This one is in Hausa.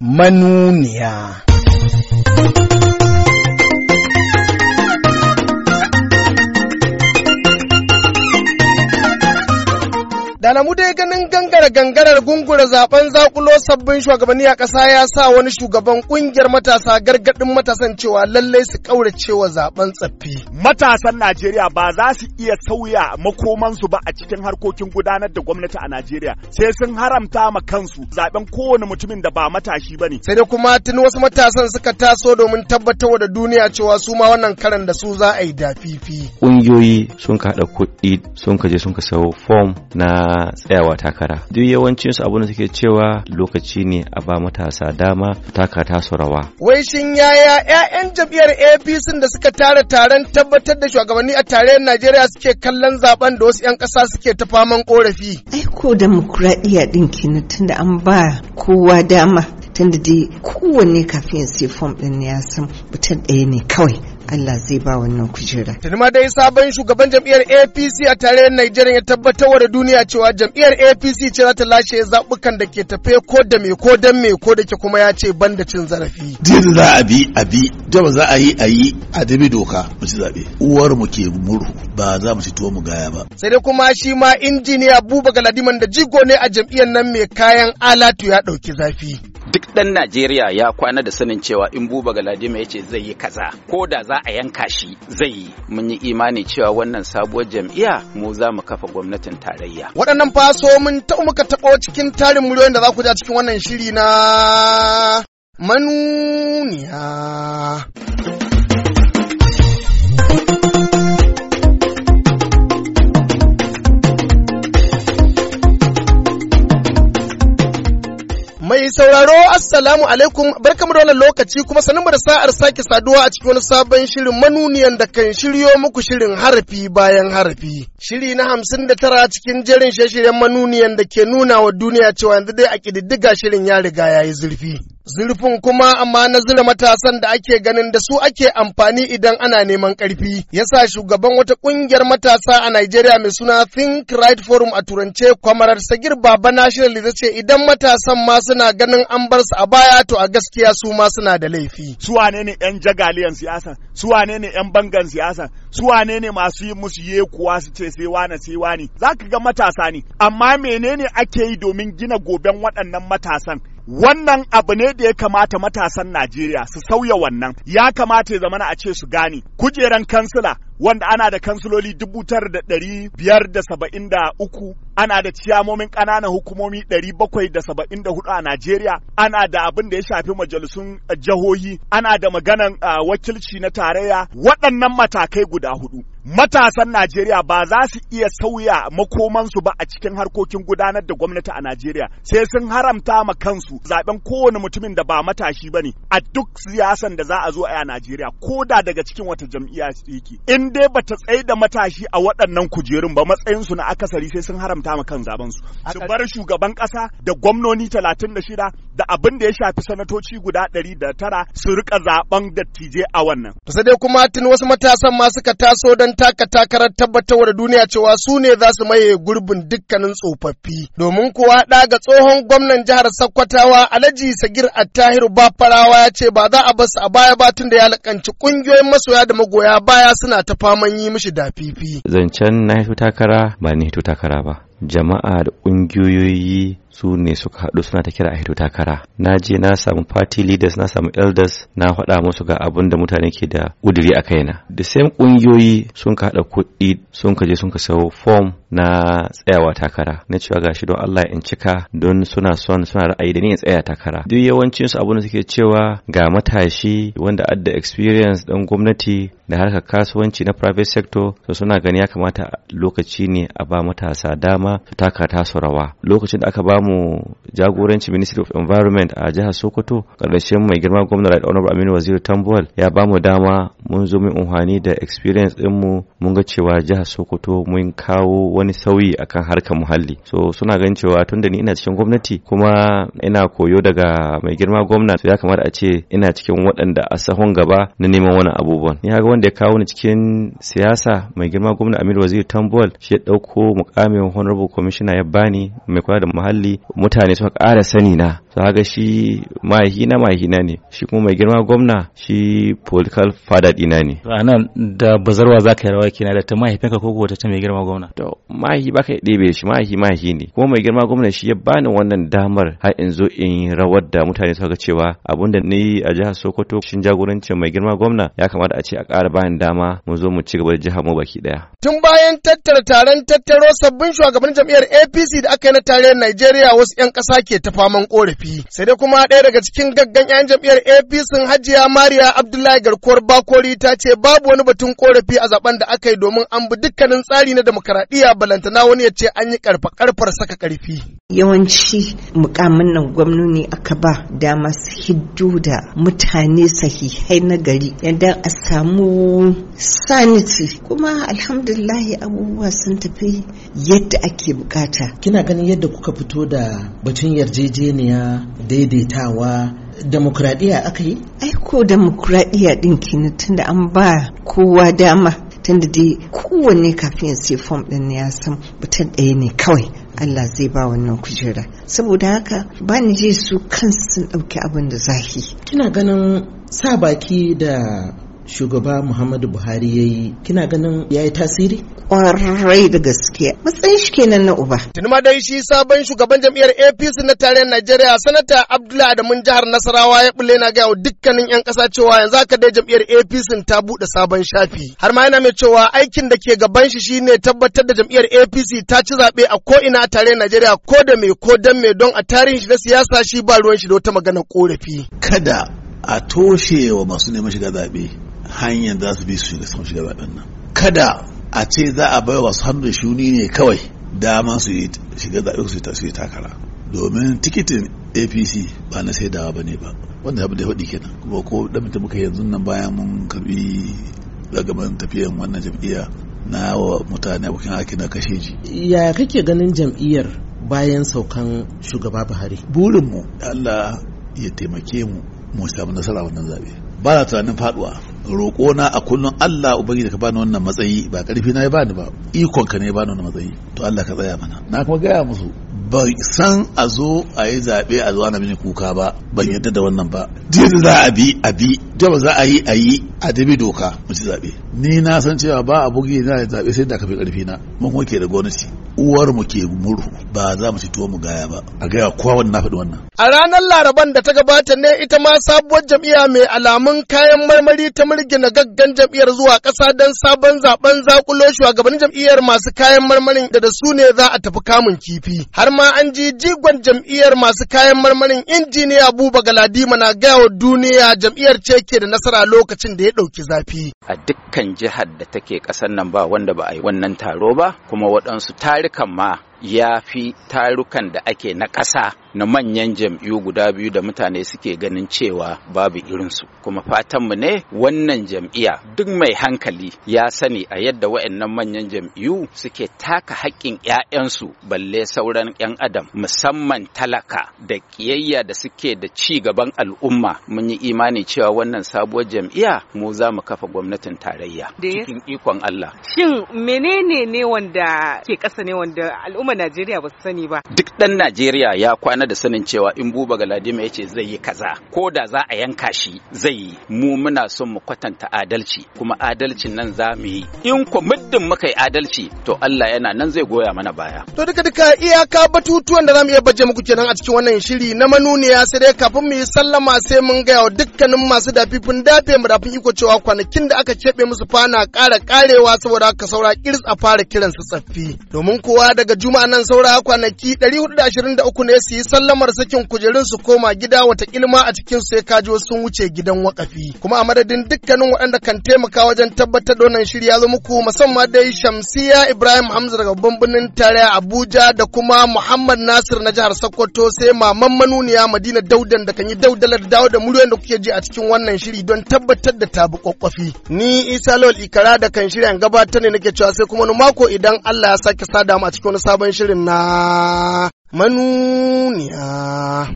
manuniya. Da mu dai ganin gangara gangarar gungura zaben zakulo sabbin shugabanni a ƙasa ya sa wani shugaban ƙungiyar matasa gargaɗin matasan cewa lallai su kauracewa zaben tsaffi. Matasan Najeriya ba za su iya sauya makomansu ba a cikin harkokin gudanar da gwamnati a Najeriya sai sun haramta ma kansu zaben kowane mutumin da ba matashi ba ne. Sai da kuma tun wasu matasan suka taso domin tabbatar da duniya cewa su ma wannan karan da su za a yi dafifi. Ƙungiyoyi sun ka kuɗi sun ka sun ka sayo fom na na tsayawa takara duk yawancin su abin da suke cewa lokaci ne a ba matasa dama taka su rawa wai shin yaya ƴaƴan jam'iyyar APC da suka tara taron tabbatar da shugabanni a tarayyar Najeriya suke kallon zaben da wasu ƴan ƙasa suke ta faman korafi ai ko demokradiya din kenan tunda an ba kowa dama tunda dai kowanne kafin ya sai fom din ya san mutum ɗaya ne kawai Allah zai ba wannan kujera. Tuni ma dai sabon shugaban jam'iyyar APC a tarayyar Najeriya ya tabbatar da duniya cewa jam'iyyar APC ce za ta lashe zaɓukan da ke tafe ko da me ko dan me ko da ke kuma ya ce ban da cin zarafi. Din za a bi a bi da ba za a yi a yi a dabi doka mu ci zaɓe. Uwar mu ke murhu ba za mu ci tuwo mu gaya ba. Sai dai kuma shi ma injiniya Buba Galadiman da jigo ne a jam'iyyar nan mai kayan alatu ya ɗauki zafi. Duk ɗan Najeriya ya kwana da sanin cewa in Buba Galadima ya ce zai yi kaza ko da za za a yanka shi zai yi mun yi imani cewa wannan sabuwar jam'iyya mu za mu kafa gwamnatin tarayya waɗannan faso mun ta muka taɓo cikin tarin miliyoyin da za ku ja cikin wannan shiri na manuniya sauraro assalamu alaikum barkamu da wannan lokaci kuma sanin da sa'ar sake saduwa a cikin wani sabon shirin manuniyan da kan shiryo muku shirin harafi bayan harafi. Shiri na hamsin da tara cikin jerin shirye-shiryen manuniyan da ke nuna wa duniya cewa yanzu dai a ƙididdiga shirin ya riga ya yi zurfi. zurfin kuma amma na zura matasan da ake ganin da su ake amfani idan ana neman ƙarfi. Yasa shugaban wata ƙungiyar matasa a Najeriya mai suna Think Right Forum a turance kwamarar Sagir Baba National da ce idan matasan ma suna ganin an bar su a baya to a gaskiya su ma suna da laifi. Su wane ne 'yan jagaliyan siyasa? Su wane ne 'yan bangan siyasa? Su wane ne masu yi musu yekuwa su ce sai wane sai wani? Za ga matasa ne, amma menene ake yi domin gina goben waɗannan matasan? wannan abu ne da ya kamata matasan Najeriya su sauya wannan ya kamata ya zamana a ce su gane kujeran kansila wanda ana da kansuloli dubu tara da ɗari biyar da saba'in da uku ana da ciyamomin ƙananan hukumomi ɗari bakwai da saba'in da hudu a Najeriya ana da abin da ya shafi majalisun eh, jihohi ana da maganan ah, wakilci na tarayya waɗannan matakai guda hudu matasan Najeriya ba za su iya sauya makomansu ba a cikin harkokin gudanar da gwamnati a Najeriya sai sun haramta ma kansu zaben kowane mutumin da ba matashi ba ne a duk siyasan da za a zo a Najeriya ko da daga cikin wata jam'iyya yake in in ba ta tsaye da matashi a waɗannan kujerun ba matsayin su na akasari sai sun haramta ma kan zaben su su bar shugaban ƙasa da gwamnoni talatin da abin da ya shafi sanatoci guda da tara su rika zaben dattijai a wannan sai dai kuma tun wasu matasan ma suka taso don taka takarar tabbatarwa da duniya cewa su ne za su maye gurbin dukkanin tsofaffi domin kuwa ɗaga tsohon gwamnan jihar Sakkwatawa Alhaji Sagir Attahiru Bafarawa ya ce ba za a basu a baya ba tun da ya lakanci ƙungiyoyin masoya da magoya baya suna ta faman yi mishi dafifi zancen na hito takara ba ni hito takara ba jama'a da ƙungiyoyi su ne suka haɗu suna ta kira a hito takara na je na samu party leaders na samu elders na faɗa musu ga abin da mutane ke da ƙuduri a kaina the same ƙungiyoyi sun ka haɗa kuɗi sun ka je sun ka sayo form na tsayawa takara na cewa gashi don Allah in cika don suna son suna ra'ayi da ni in tsaya takara duk yawancin su abin da suke cewa ga matashi wanda adda experience dan gwamnati da harkar kasuwanci na private sector to suna gani ya kamata lokaci ne a ba matasa dama ma taka rawa lokacin da aka ba mu jagoranci ministry of environment a jihar sokoto karshen mai girma gwamna right honorable aminu waziri tambuwal ya ba mu dama mun zo min unhani da experience din mu mun ga cewa jihar sokoto mun kawo wani sauyi akan harkar muhalli so suna ganin cewa tunda ni ina cikin gwamnati kuma ina koyo daga mai girma gwamna ya kamata a ce ina cikin waɗanda a sahun gaba na neman wani abubuwan ni ga wanda ya kawo ni cikin siyasa mai girma gwamna aminu waziri tambuwal shi ya ɗauko mukamin honorable abu kwamishina ya bani mai kula da muhalli mutane suka ƙara sani na to ga shi mahina mahina ne shi kuma mai girma gwamna shi political father dina ne ranar da bazarwa za zaka yi rawa kina da ta mahaifinka ko ko ta mai girma gwamna to mahi baka ya ɗebe shi mahi mahi ne kuma mai girma gwamna shi ya bani wannan damar har in zo in rawar da mutane suka cewa abun da ni a jihar Sokoto shin jagorancin mai girma gwamna ya kamata a ce a ƙara bayan dama mu zo mu ci gaba da jihar mu baki daya tun bayan tattara taron tattaro sabbin shugaban jam'iyyar APC da aka yi na tarayyar Najeriya wasu 'yan ƙasa ke ta faman ƙorafi sai dai kuma ɗaya daga cikin gaggan 'yan jam'iyyar apc hajiya mariya abdullahi garkuwar bakori ta ce babu wani batun korafi a zaben da aka yi domin an bi dukkanin tsari na demokaradiyya balantana wani ya ce an yi karfa karfar saka karfi yawanci mukamin nan gwamnoni aka ba dama su hiddu da mutane sahihai na gari yadda a samu sanity kuma alhamdulahi abubuwa sun tafi yadda ake bukata kina ganin yadda kuka fito da batun yarjejeniya daidaitawa demokradiyya aka yi? Aiko demokradiyya din kenan tunda an ba kowa dama tunda dai kowanne kafin ya sai fom din ya san mutum ɗaya ne kawai Allah zai ba wannan kujera saboda haka ba ni je su kansu ɗauki abin da zahi. Kina ganin sa baki da shugaba muhammadu buhari ya yi kina ganin ya yi tasiri kwarai da gaske matsayin shi kenan na uba tuni ma shi sabon shugaban jam'iyyar apc na tarayyar najeriya sanata abdullahi adamun jihar nasarawa ya bulle na gaya wa dukkanin yan ƙasa cewa yanzu aka dai jam'iyyar apc ta buɗe sabon shafi har ma yana mai cewa aikin da ke gaban shi shi ne tabbatar da jam'iyyar apc ta ci zaɓe a ko ina a tarayyar najeriya ko da me ko dan me don a tarihin shi na siyasa shi ba ruwan shi da wata magana ƙorafi. kada a toshe wa masu neman shiga zaɓe hanyar za su bi su shiga sun shiga baɗin nan kada a ce za a bai wasu hannun shuni ne kawai dama su yi shiga zaɓe su yi takara domin tikitin apc ba na dawa ba ne ba wanda abu da ya faɗi kenan kuma ko da mutum muka yanzu nan bayan mun karbi zagaban tafiyan wannan jam'iyya na wa mutane abokan aiki na kashe ji ya kake ganin jam'iyyar bayan saukan shugaba buhari burinmu allah ya taimake mu mu samu nasara wannan zaɓe ba na tunanin faɗuwa na a kullum Allah da ka bani wannan matsayi ba ƙarfi na ya bani ba ikon ka ne ya bani wannan matsayi to Allah ka tsaya mana na kuma gaya musu ba san a zo a yi zaɓe a zuwa na mini kuka ba ban yadda da wannan ba da za a bi a bi da za a yi a yi a dabi doka mu ci zaɓe ni na san cewa ba a bugi na zaɓe sai da fi ƙarfi na mun kuma ke da gwamnati uwar mu ke murhu ba za mu ci tuwo mu gaya ba a gaya kowa wannan na faɗi wannan a ranar laraban da ta gabata ne ita ma sabuwar jam'iyya mai alamun kayan marmari ta murgina gaggan jam'iyyar zuwa ƙasa don sabon zaben zakulo shugabannin jam'iyyar masu kayan marmarin da da su ne za a tafi kamun kifi har ma an ji jigon jam'iyyar masu kayan marmarin injiniya buba galadima na gaya wa duniya jam'iyyar ce ke da nasara lokacin da ya ɗauki zafi a dukkan jihar da take ƙasar nan ba wanda ba a yi wannan taro ba kuma waɗansu tarin tarukan ma ya fi tarukan da ake na ƙasa na manyan jam'iyyu guda biyu da mutane suke ganin cewa babu irinsu kuma fatanmu ne wannan jam'iyya duk mai hankali ya sani a yadda wa'annan manyan jam'iyyu suke taka haƙƙin 'ya'yansu balle sauran 'yan adam musamman talaka da ƙiyayya da suke da ci gaban al'umma mun yi imani cewa wannan sabuwar jam'iyya mu za mu kafa gwamnatin tarayya cikin ikon Allah shin menene ne wanda ke ƙasa ne wanda al'umma Najeriya ba su sani ba duk ɗan Najeriya ya kwana na da sanin cewa in buba galadima ya ce zai yi kaza ko da za a yanka shi zai yi mu muna son mu kwatanta adalci kuma adalcin nan za mu yi in ko muddin muka yi adalci to Allah yana nan zai goya mana baya to duka duka iyaka batutuwan da zamu iya baje muku kenan a cikin wannan shiri na manuniya sai dai kafin mu yi sallama sai mun ga wa dukkanin masu dafifin dafe mu dafin iko cewa kwanakin da aka kebe musu fana ƙara karewa saboda haka saura kirs a fara kiransu tsaffi domin kowa daga juma'a nan saura kwanaki 423 ne su yi sallamar sakin kujerun su koma gida wata ilma a cikin su ya kaji sun wuce gidan wakafi kuma a madadin dukkanin waɗanda kan taimaka wajen tabbatar da wannan shirya, zo muku musamman dai Shamsiya Ibrahim Hamza daga babban birnin tarayya Abuja da kuma Muhammad Nasir na jihar Sokoto sai maman manuniya Madina Daudan da kan yi daudalar dawo da muryoyin da kuke ji a cikin wannan shiri don tabbatar da tabu kwakwafi ni Isa Lawal Ikara da kan shirya gabatar ne nake cewa sai kuma mako idan Allah ya sake sada mu a cikin wani sabon shirin na manuniya.